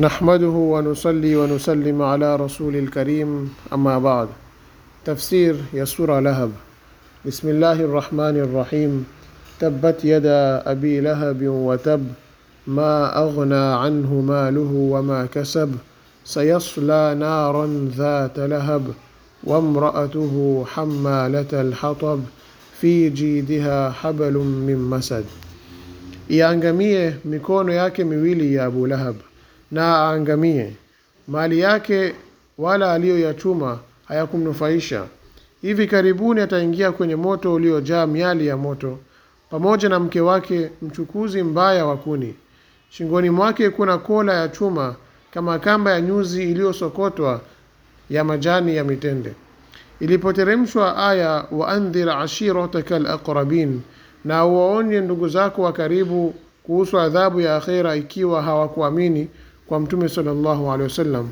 نحمده ونصلي ونسلم على رسول الكريم أما بعد تفسير يسورة لهب بسم الله الرحمن الرحيم تبت يدا أبي لهب وتب ما أغنى عنه ماله وما كسب سيصلى نارا ذات لهب وامرأته حمالة الحطب في جيدها حبل من مسد iangamie مكون ياكي miwili يا أبو لهب na aangamie mali yake wala aliyoyachuma hayakumnufaisha hivi karibuni ataingia kwenye moto uliojaa miali ya moto pamoja na mke wake mchukuzi mbaya wa kuni shingoni mwake kuna kola ya chuma kama kamba ya nyuzi iliyosokotwa ya majani ya mitende ilipoteremshwa aya andhir ashirataka alaqrabin na uwaonye ndugu zako wa karibu kuhusu adhabu ya akhera ikiwa hawakuamini kwa Mtume sallallahu alaihi wasallam.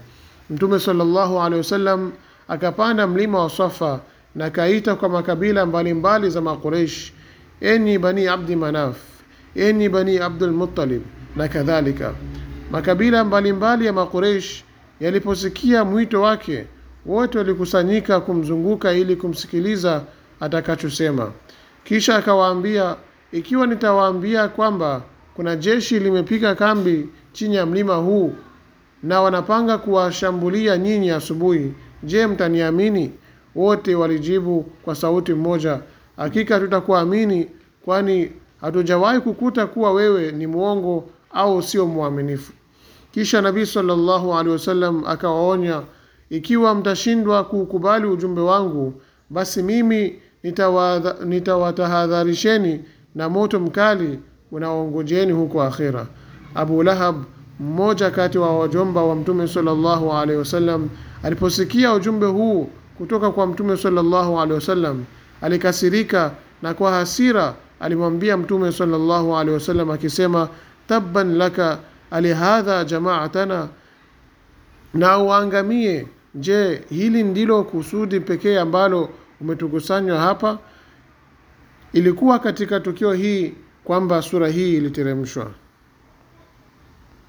Mtume sallallahu alaihi wasallam akapanda mlima wa Safa na kaita kwa makabila mbalimbali mbali za Maqureish, enyi Bani Abdi Manaf, enyi Bani Abdul Muttalib na kadhalika. Makabila mbalimbali mbali ya Maqureish yaliposikia mwito wake, wote walikusanyika kumzunguka ili kumsikiliza atakachosema. Kisha akawaambia, ikiwa nitawaambia kwamba kuna jeshi limepiga kambi chini ya mlima huu na wanapanga kuwashambulia nyinyi asubuhi. Je, mtaniamini? Wote walijibu kwa sauti mmoja, hakika tutakuamini, kwani hatujawahi kukuta kuwa wewe ni mwongo au sio mwaminifu. Kisha Nabii sallallahu alaihi wasallam akawaonya, ikiwa mtashindwa kukubali ujumbe wangu, basi mimi nitawatahadharisheni na moto mkali unaongojeni huko akhira. Abu Lahab, mmoja kati wa wajomba wa Mtume sallallahu alaihi wasallam, aliposikia ujumbe huu kutoka kwa Mtume sallallahu alaihi wasallam, alikasirika na kwa hasira alimwambia Mtume sallallahu alaihi wasallam akisema, tabban laka alihadha jamaatana, na uangamie. Je, hili ndilo kusudi pekee ambalo umetukusanywa hapa? Ilikuwa katika tukio hii kwamba sura hii iliteremshwa.